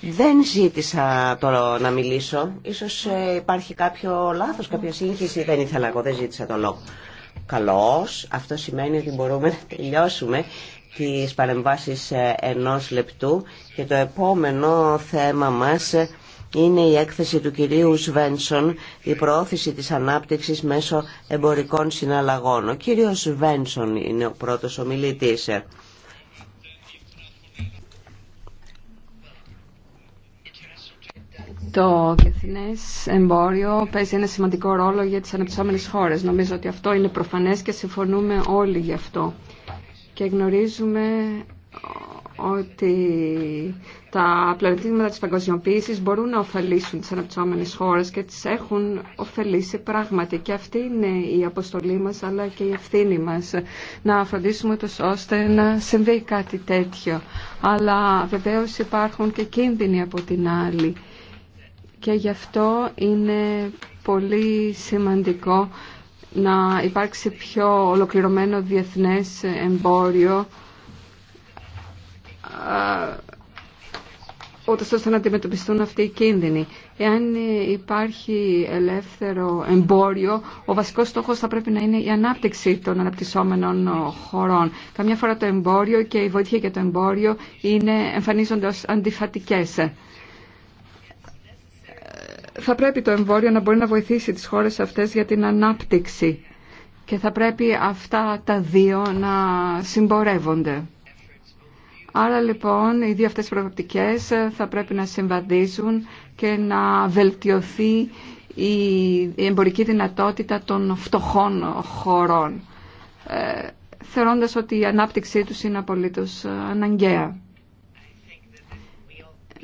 Δεν ζήτησα τώρα να μιλήσω. Ίσως ε, υπάρχει κάποιο λάθος, κάποια σύγχυση. Δεν ήθελα εγώ, δεν ζήτησα το λόγο. Καλώς. Αυτό σημαίνει ότι μπορούμε να τελειώσουμε τις παρεμβάσεις ε, ενός λεπτού και το επόμενο θέμα μας ε, είναι η έκθεση του κυρίου Σβένσον η προώθηση της ανάπτυξης μέσω εμπορικών συναλλαγών. Ο κύριος Σβένσον είναι ο πρώτος ομιλητής. Το διεθνέ εμπόριο παίζει ένα σημαντικό ρόλο για τις αναπτυσσόμενε χώρε. Νομίζω ότι αυτό είναι προφανές και συμφωνούμε όλοι γι' αυτό. Και γνωρίζουμε ότι τα πλανητήματα της παγκοσμιοποίηση μπορούν να ωφελήσουν τις αναπτυσσόμενε χώρε και τι έχουν ωφελήσει πράγματι. Και αυτή είναι η αποστολή μα, αλλά και η ευθύνη μα. να φροντίσουμε τους ώστε να συμβεί κάτι τέτοιο. Αλλά βεβαίω υπάρχουν και κίνδυνοι από την άλλη και γι' αυτό είναι πολύ σημαντικό να υπάρξει πιο ολοκληρωμένο διεθνές εμπόριο ούτως ώστε να αντιμετωπιστούν αυτοί οι κίνδυνοι. Εάν υπάρχει ελεύθερο εμπόριο, ο βασικός στόχος θα πρέπει να είναι η ανάπτυξη των αναπτυσσόμενων χωρών. Καμιά φορά το εμπόριο και η βοήθεια για το εμπόριο είναι, εμφανίζονται ως αντιφατικές θα πρέπει το εμβόλιο να μπορεί να βοηθήσει τις χώρες αυτές για την ανάπτυξη και θα πρέπει αυτά τα δύο να συμπορεύονται. Άρα λοιπόν οι δύο αυτές προοπτικές θα πρέπει να συμβαδίζουν και να βελτιωθεί η εμπορική δυνατότητα των φτωχών χωρών, ε, θεωρώντας ότι η ανάπτυξή τους είναι απολύτως ε, αναγκαία.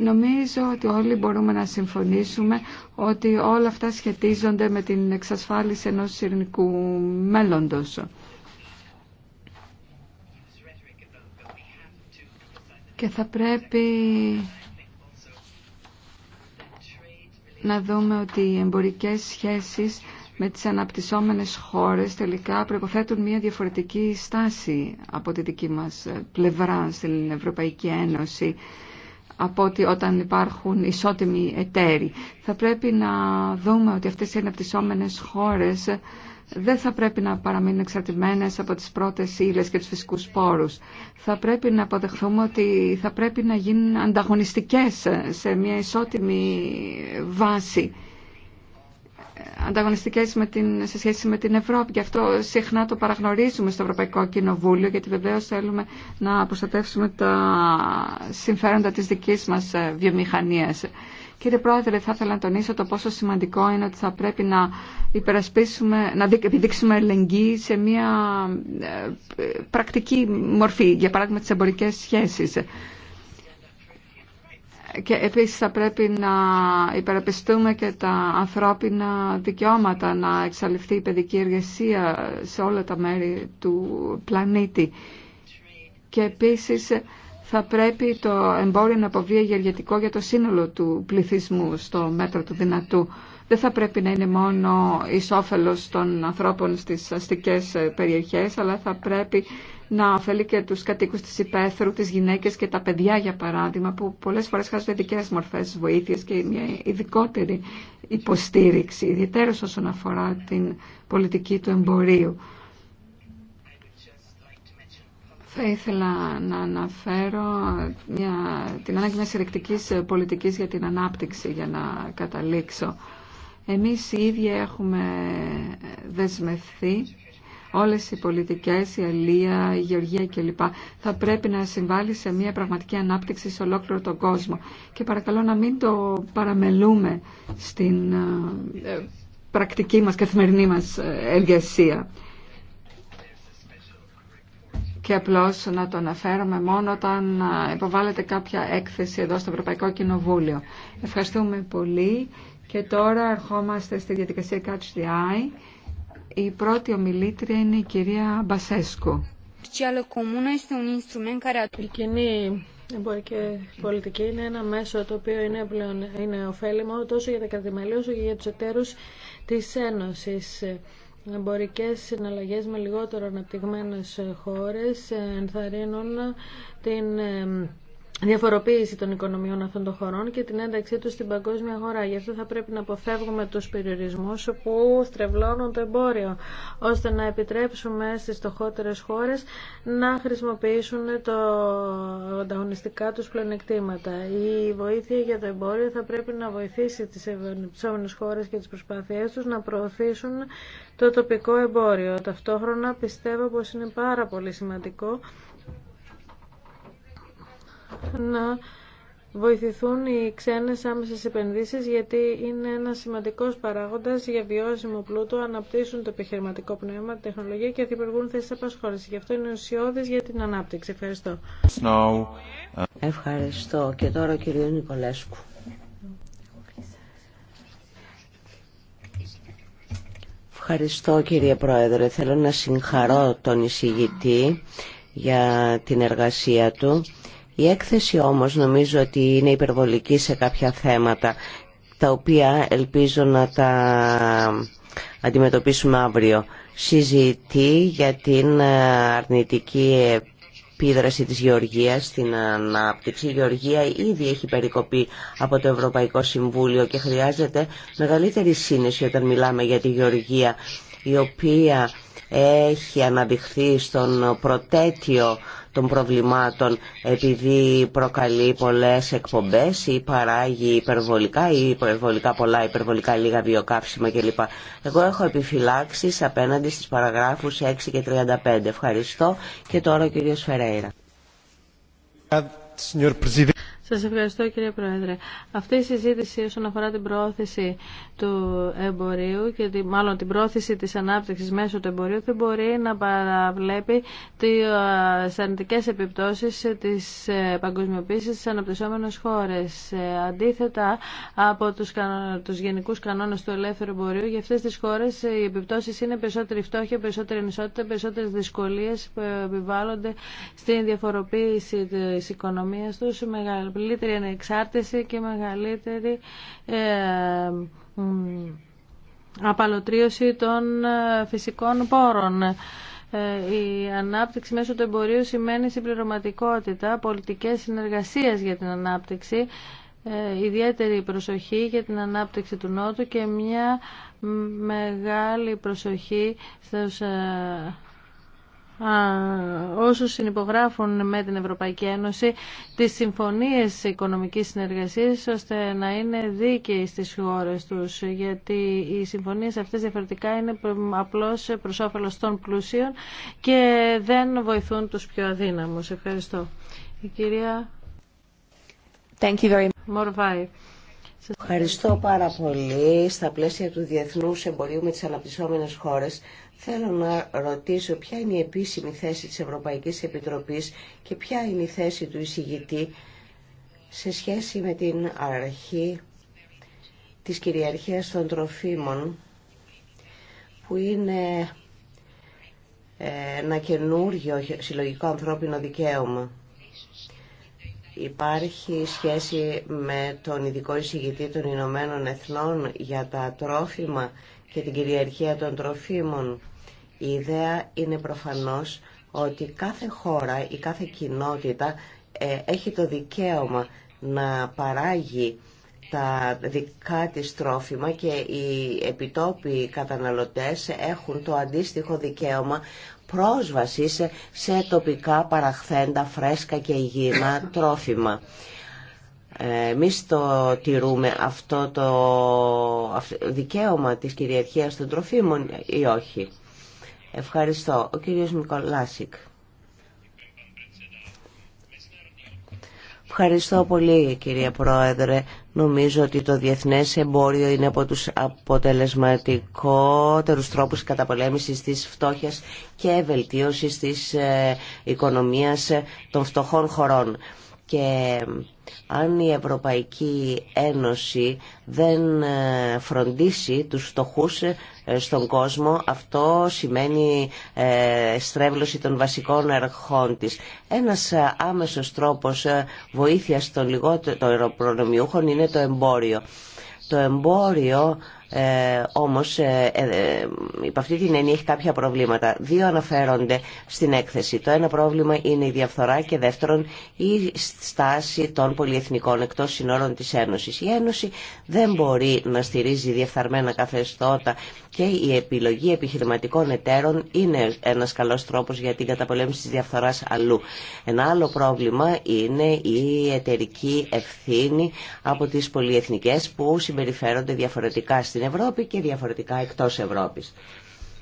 Νομίζω ότι όλοι μπορούμε να συμφωνήσουμε ότι όλα αυτά σχετίζονται με την εξασφάλιση ενός ειρηνικού μέλλοντος. Και θα πρέπει να δούμε ότι οι εμπορικές σχέσεις με τις αναπτυσσόμενες χώρες τελικά προϋποθέτουν μια διαφορετική στάση από τη δική μας πλευρά στην Ευρωπαϊκή Ένωση από ότι όταν υπάρχουν ισότιμοι εταίροι. Θα πρέπει να δούμε ότι αυτές οι αναπτυσσόμενες χώρες δεν θα πρέπει να παραμείνουν εξαρτημένες από τις πρώτες ύλε και τους φυσικούς πόρους. Θα πρέπει να αποδεχθούμε ότι θα πρέπει να γίνουν ανταγωνιστικές σε μια ισότιμη βάση ανταγωνιστικές σε σχέση με την Ευρώπη. Γι' αυτό συχνά το παραγνωρίζουμε στο Ευρωπαϊκό Κοινοβούλιο, γιατί βεβαίως θέλουμε να προστατεύσουμε τα συμφέροντα της δικής μας ε, βιομηχανίας. Κύριε Πρόεδρε, θα ήθελα να τονίσω το πόσο σημαντικό είναι ότι θα πρέπει να υπερασπίσουμε, να επιδείξουμε ελεγγύη σε μια ε, πρακτική μορφή, για παράδειγμα τις εμπορικές σχέσεις και επίσης θα πρέπει να υπεραπιστούμε και τα ανθρώπινα δικαιώματα, να εξαλειφθεί η παιδική εργασία σε όλα τα μέρη του πλανήτη. Και επίσης θα πρέπει το εμπόριο να αποβεί γεργετικό για το σύνολο του πληθυσμού στο μέτρο του δυνατού δεν θα πρέπει να είναι μόνο εις όφελος των ανθρώπων στις αστικές ε, περιοχές, αλλά θα πρέπει να ωφελεί και τους κατοίκους της υπαίθρου, τις γυναίκες και τα παιδιά για παράδειγμα, που πολλές φορές χάσουν ειδικέ μορφές βοήθειας και μια ειδικότερη υποστήριξη, ιδιαίτερα όσον αφορά την πολιτική του εμπορίου. Θα ήθελα να αναφέρω μια, την ανάγκη μιας πολιτικής για την ανάπτυξη για να καταλήξω. Εμείς οι ίδιοι έχουμε δεσμευθεί όλες οι πολιτικές, η Αλία, η Γεωργία κλπ. θα πρέπει να συμβάλλει σε μια πραγματική ανάπτυξη σε ολόκληρο τον κόσμο. Και παρακαλώ να μην το παραμελούμε στην ε, πρακτική μας, καθημερινή μας ε, εργασία. Και απλώς να το αναφέρομαι μόνο όταν ε, υποβάλλεται κάποια έκθεση εδώ στο Ευρωπαϊκό Κοινοβούλιο. Ευχαριστούμε πολύ. Και τώρα ερχόμαστε στη διαδικασία Catch the Eye. Η πρώτη ομιλήτρια είναι η κυρία Μπασέσκο. Η κοινή εμπορική πολιτική είναι ένα μέσο το οποίο είναι, πλέον, είναι ωφέλιμο τόσο για τα κρατημέλη όσο και για τους εταίρους της Ένωσης. Εμπορικέ συναλλαγές με λιγότερο αναπτυγμένες χώρες ενθαρρύνουν την διαφοροποίηση των οικονομιών αυτών των χωρών και την ένταξή τους στην παγκόσμια αγορά. Γι' αυτό θα πρέπει να αποφεύγουμε τους περιορισμούς που στρεβλώνουν το εμπόριο, ώστε να επιτρέψουμε στις στοχότερες χώρες να χρησιμοποιήσουν το ανταγωνιστικά τους πλεονεκτήματα. Η βοήθεια για το εμπόριο θα πρέπει να βοηθήσει τις ευνοψόμενες χώρες και τις προσπάθειές τους να προωθήσουν το τοπικό εμπόριο. Ταυτόχρονα πιστεύω πως είναι πάρα πολύ σημαντικό να βοηθηθούν οι ξένες άμεσες επενδύσεις γιατί είναι ένα σημαντικός παράγοντας για βιώσιμο πλούτο, αναπτύσσουν το επιχειρηματικό πνεύμα, τη τεχνολογία και δημιουργούν θέσεις απασχόλησης. Γι' αυτό είναι ουσιώδης για την ανάπτυξη. Ευχαριστώ. Uh, Ευχαριστώ. Και τώρα ο κύριος Νικολέσκου. Ευχαριστώ κύριε Πρόεδρε. Θέλω να συγχαρώ τον εισηγητή για την εργασία του η έκθεση όμως νομίζω ότι είναι υπερβολική σε κάποια θέματα, τα οποία ελπίζω να τα αντιμετωπίσουμε αύριο. Συζητεί για την ε, αρνητική επίδραση της Γεωργίας στην ανάπτυξη. Η Γεωργία ήδη έχει περικοπεί από το Ευρωπαϊκό Συμβούλιο και χρειάζεται μεγαλύτερη σύνεση όταν μιλάμε για τη Γεωργία, η οποία έχει αναδειχθεί στον προτέτιο των προβλημάτων επειδή προκαλεί πολλές εκπομπές ή παράγει υπερβολικά ή υπερβολικά πολλά, υπερβολικά λίγα βιοκάψιμα κλπ. Εγώ έχω επιφυλάξει απέναντι στις παραγράφους 6 και 35. Ευχαριστώ και τώρα ο κύριος Φερέιρα. Σας ευχαριστώ κύριε Πρόεδρε. Αυτή η συζήτηση όσον αφορά την προώθηση του εμπορίου και μάλλον την πρόθεση της ανάπτυξης μέσω του εμπορίου δεν μπορεί να παραβλέπει τις αρνητικές επιπτώσεις της ε, παγκοσμιοποίησης στις αναπτυσσόμενες χώρες. Ε, αντίθετα από τους, τους γενικούς κανόνες του ελεύθερου εμπορίου για αυτές τις χώρες ε, οι επιπτώσεις είναι περισσότερη φτώχεια, περισσότερη ενισότητα, περισσότερες δυσκολίες που επιβάλλονται στην διαφοροποίηση τη οικονομία του πλήρη ανεξάρτηση και μεγαλύτερη ε, απαλωτρίωση των ε, φυσικών πόρων. Ε, η ανάπτυξη μέσω του εμπορίου σημαίνει συμπληρωματικότητα, πολιτικές συνεργασίες για την ανάπτυξη, ιδιαίτερη προσοχή για την ανάπτυξη του Νότου και μια μεγάλη προσοχή στους όσους συνυπογράφουν με την Ευρωπαϊκή Ένωση τις συμφωνίες οικονομικής συνεργασίας ώστε να είναι δίκαιοι στις χώρες τους γιατί οι συμφωνίες αυτές διαφορετικά είναι απλώς προς όφελος των πλούσιων και δεν βοηθούν τους πιο αδύναμους. Ευχαριστώ. Η κυρία Thank you very much. Ευχαριστώ πάρα πολύ. Στα πλαίσια του Διεθνούς Εμπορίου με τις Αναπτυσσόμενες Χώρες Θέλω να ρωτήσω ποια είναι η επίσημη θέση της Ευρωπαϊκής Επιτροπής και ποια είναι η θέση του εισηγητή σε σχέση με την αρχή της κυριαρχίας των τροφίμων που είναι ε, ένα καινούργιο συλλογικό ανθρώπινο δικαίωμα. Υπάρχει σχέση με τον ειδικό εισηγητή των Ηνωμένων Εθνών για τα τρόφιμα και την κυριαρχία των τροφίμων. Η ιδέα είναι προφανώς ότι κάθε χώρα ή κάθε κοινότητα ε, έχει το δικαίωμα να παράγει τα δικά της τρόφιμα και οι επιτόπιοι καταναλωτές έχουν το αντίστοιχο δικαίωμα πρόσβαση σε τοπικά παραχθέντα φρέσκα και υγιεινά τρόφιμα. Εμεί το τηρούμε αυτό το δικαίωμα της κυριαρχίας των τροφίμων ή όχι. Ευχαριστώ. Ο κύριος Μικολάσικ. Ευχαριστώ πολύ κυρία Πρόεδρε. Νομίζω ότι το διεθνές εμπόριο είναι από τους αποτελεσματικότερους τρόπους καταπολέμησης της φτώχειας και βελτίωσης της ε, οικονομίας των φτωχών χωρών και αν η Ευρωπαϊκή Ένωση δεν ε, φροντίσει τους φτωχούς ε, στον κόσμο, αυτό σημαίνει ε, στρέβλωση των βασικών αρχών της. Ένας άμεσος τρόπος βοήθειας των λιγότερων προνομιούχων είναι το εμπόριο. Το εμπόριο ε, όμως, ε, ε, ε, υπ' αυτή την έννοια έχει κάποια προβλήματα. Δύο αναφέρονται στην έκθεση. Το ένα πρόβλημα είναι η διαφθορά και δεύτερον η στάση των πολιεθνικών εκτός συνόρων της Ένωση. Η Ένωση δεν μπορεί να στηρίζει διεφθαρμένα καθεστώτα και η επιλογή επιχειρηματικών εταίρων είναι ένας καλός τρόπος για την καταπολέμηση της διαφθοράς αλλού. Ένα άλλο πρόβλημα είναι η εταιρική ευθύνη από τις πολυεθνικές που συμπεριφέρονται διαφορετικά στην Ευρώπη και διαφορετικά εκτός Ευρώπης.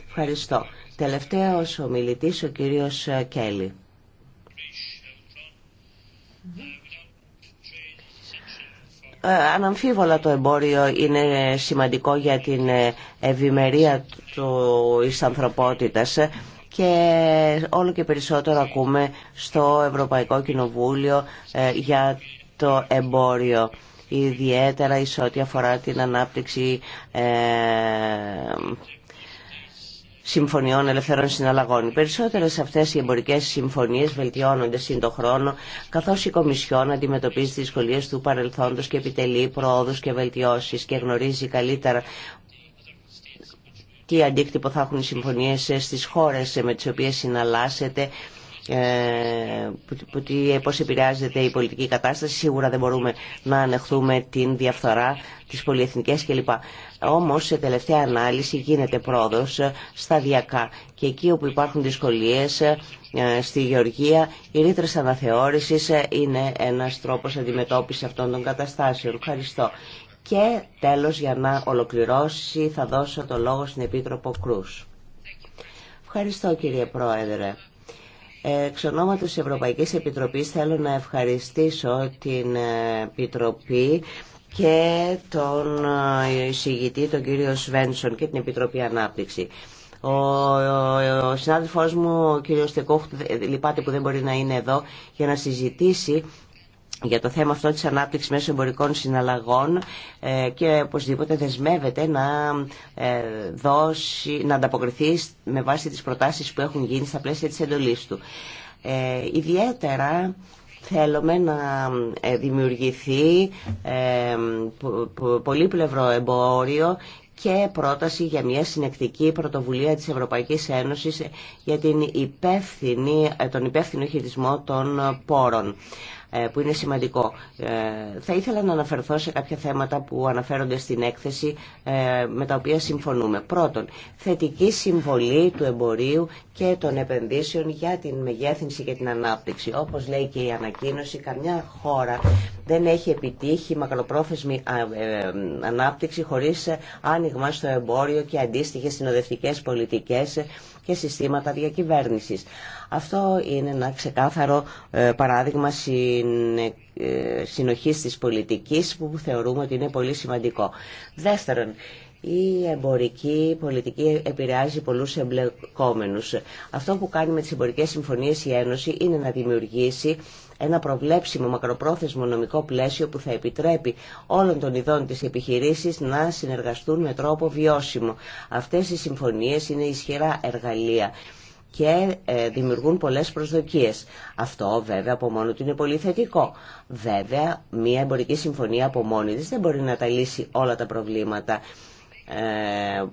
Ευχαριστώ. Τελευταίος ο μιλητής, ο κύριος ε, Κέλλη. Ε, αναμφίβολα το εμπόριο είναι σημαντικό για την ε, ευημερία της ανθρωπότητας και όλο και περισσότερο ακούμε στο Ευρωπαϊκό Κοινοβούλιο για το εμπόριο ιδιαίτερα εις ό,τι αφορά την ανάπτυξη ε, συμφωνιών ελευθερών συναλλαγών. Οι περισσότερες αυτές οι εμπορικές συμφωνίες βελτιώνονται σύν χρόνο, καθώς η Κομισιόν αντιμετωπίζει τις δυσκολίε του παρελθόντος και επιτελεί προόδους και βελτιώσεις και γνωρίζει καλύτερα τι αντίκτυπο θα έχουν οι συμφωνίες στις χώρες με τις οποίες συναλλάσσεται ε, ε, πώς επηρεάζεται η πολιτική κατάσταση. Σίγουρα δεν μπορούμε να ανεχθούμε την διαφθορά, της πολυεθνικές κλπ. Όμως σε τελευταία ανάλυση γίνεται πρόοδος ε, σταδιακά και εκεί όπου υπάρχουν δυσκολίες στη Γεωργία οι ρήτρες αναθεώρησης είναι ένας τρόπος αντιμετώπισης αυτών των καταστάσεων. Ευχαριστώ. Και τέλος για να ολοκληρώσει θα δώσω το λόγο στην Επίτροπο Κρούς. Ευχαριστώ κύριε Πρόεδρε. Εξ ονόματος της Ευρωπαϊκής Επιτροπής θέλω να ευχαριστήσω την ε, Επιτροπή και τον ε, εισηγητή, τον κύριο Σβένσον και την Επιτροπή Ανάπτυξη. Ο, ο, ο συνάδελφός μου, ο κύριος Στεκόχ, ε, λυπάται που δεν μπορεί να είναι εδώ για να συζητήσει για το θέμα αυτό της ανάπτυξης μέσω εμπορικών συναλλαγών ε, και οπωσδήποτε δεσμεύεται να, ε, δώσει, να ανταποκριθεί με βάση τις προτάσεις που έχουν γίνει στα πλαίσια της εντολής του. Ε, ιδιαίτερα θέλουμε να ε, δημιουργηθεί πολύπλευρο εμπόριο και πρόταση για μια συνεκτική πρωτοβουλία της Ευρωπαϊκής Ένωσης για την υπεύθυνη, τον υπεύθυνο χειρισμό των πόρων. Ε, που είναι σημαντικό. Ε, θα ήθελα να αναφερθώ σε κάποια θέματα που αναφέρονται στην έκθεση ε, με τα οποία συμφωνούμε. Πρώτον, θετική συμβολή του εμπορίου και των επενδύσεων για την μεγέθυνση και την ανάπτυξη. Όπως λέει και η ανακοίνωση, καμιά χώρα δεν έχει επιτύχει μακροπρόθεσμη ανάπτυξη χωρίς άνοιγμα στο εμπόριο και αντίστοιχες συνοδευτικές πολιτικές και συστήματα διακυβέρνησης. Αυτό είναι ένα ξεκάθαρο ε, παράδειγμα ε, συνοχής της πολιτικής που θεωρούμε ότι είναι πολύ σημαντικό. Δεύτερον, η εμπορική πολιτική επηρεάζει πολλούς εμπλεκόμενους. Αυτό που κάνει με τις εμπορικές συμφωνίες η Ένωση είναι να δημιουργήσει ένα προβλέψιμο μακροπρόθεσμο νομικό πλαίσιο που θα επιτρέπει όλων των ειδών της επιχειρήσης να συνεργαστούν με τρόπο βιώσιμο. Αυτές οι συμφωνίες είναι ισχυρά εργαλεία και ε, δημιουργούν πολλές προσδοκίες. Αυτό βέβαια από μόνο του είναι πολύ θετικό. Βέβαια, μια εμπορική συμφωνία από μόνη της δεν μπορεί να τα λύσει όλα τα προβλήματα. Ε,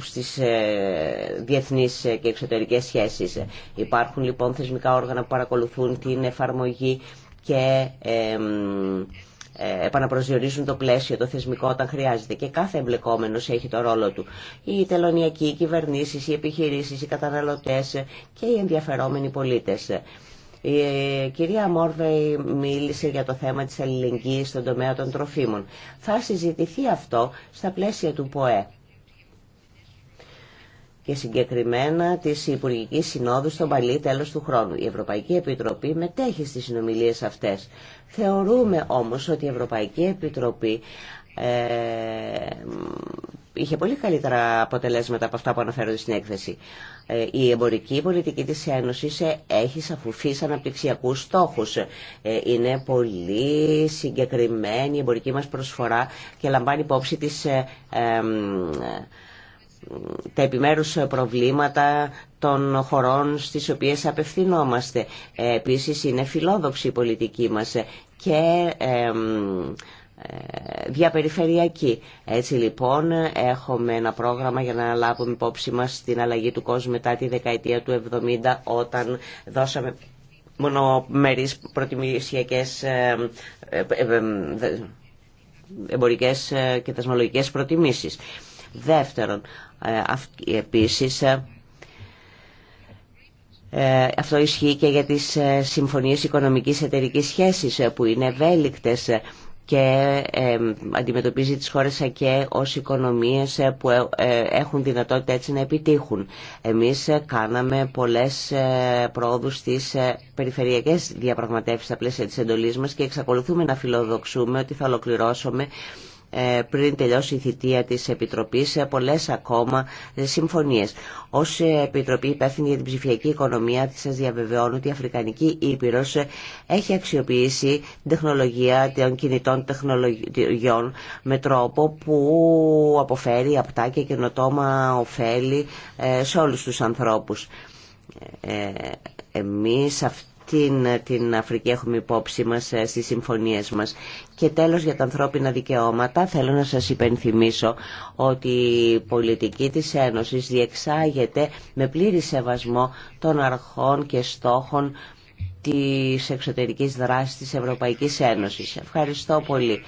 στις ε, διεθνείς ε, και εξωτερικές σχέσεις. Υπάρχουν λοιπόν θεσμικά όργανα που παρακολουθούν την εφαρμογή και επαναπροσδιορίζουν το πλαίσιο, το θεσμικό όταν χρειάζεται και κάθε εμπλεκόμενος έχει το ρόλο του. Οι τελωνιακοί, οι κυβερνήσεις, οι επιχειρήσεις, οι καταναλωτές και οι ενδιαφερόμενοι πολίτες. Η ε, κυρία Μόρβεϊ μίλησε για το θέμα της αλληλεγγύης στον τομέα των τροφίμων. Θα συζητηθεί αυτό στα πλαίσια του ΠΟΕ και συγκεκριμένα της Υπουργική Συνόδου στον Παλί τέλος του χρόνου. Η Ευρωπαϊκή Επιτροπή μετέχει στις συνομιλίες αυτές. Θεωρούμε όμως ότι η Ευρωπαϊκή Επιτροπή ε, είχε πολύ καλύτερα αποτελέσματα από αυτά που αναφέρονται στην έκθεση. Ε, η εμπορική πολιτική της Ένωσης ε, έχει σαφουφείς αναπτυξιακούς στόχους. Ε, είναι πολύ συγκεκριμένη η εμπορική μας προσφορά και λαμβάνει υπόψη της τα επιμέρους προβλήματα των χωρών στις οποίες απευθυνόμαστε. Επίσης είναι φιλόδοξη η πολιτική μας και διαπεριφερειακή. Έτσι λοιπόν έχουμε ένα πρόγραμμα για να λάβουμε υπόψη μας την αλλαγή του κόσμου μετά τη δεκαετία του 70 όταν δώσαμε μερίς προτιμησιακές ε, ε, ε, εμπορικές και θεσμολογικές προτιμήσεις. Δεύτερον, επίσης αυτό ισχύει και για τις συμφωνίες οικονομικής εταιρικής σχέσης που είναι ευέλικτες και ε, αντιμετωπίζει τις χώρες και ως οικονομίες ε, που ε, έχουν δυνατότητα έτσι να επιτύχουν. Εμείς κάναμε πολλές πρόοδους στις περιφερειακές διαπραγματεύσεις στα πλαίσια της εντολής μας και εξακολουθούμε να φιλοδοξούμε ότι θα ολοκληρώσουμε ε, πριν τελειώσει η θητεία της Επιτροπής σε πολλές ακόμα ε, συμφωνίες. Ως ε, Επιτροπή υπεύθυνη για την ψηφιακή οικονομία σας διαβεβαιώνω ότι η Αφρικανική Ήπειρος έχει αξιοποιήσει την τεχνολογία των κινητών τεχνολογιών με τρόπο που αποφέρει απτά και καινοτόμα ωφέλη σε όλους τους ανθρώπους. Εμείς την, την Αφρική έχουμε υπόψη μας ε, στις συμφωνίες μας. Και τέλος για τα ανθρώπινα δικαιώματα θέλω να σας υπενθυμίσω ότι η πολιτική της Ένωσης διεξάγεται με πλήρη σεβασμό των αρχών και στόχων της εξωτερικής δράσης της Ευρωπαϊκής Ένωσης. Ευχαριστώ πολύ.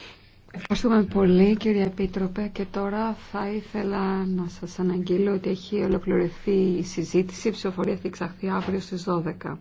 Ευχαριστούμε πολύ κύριε Επίτροπε και τώρα θα ήθελα να σας αναγγείλω ότι έχει ολοκληρωθεί η συζήτηση. Η ψηφοφορία θα εξαχθεί αύριο στις 12.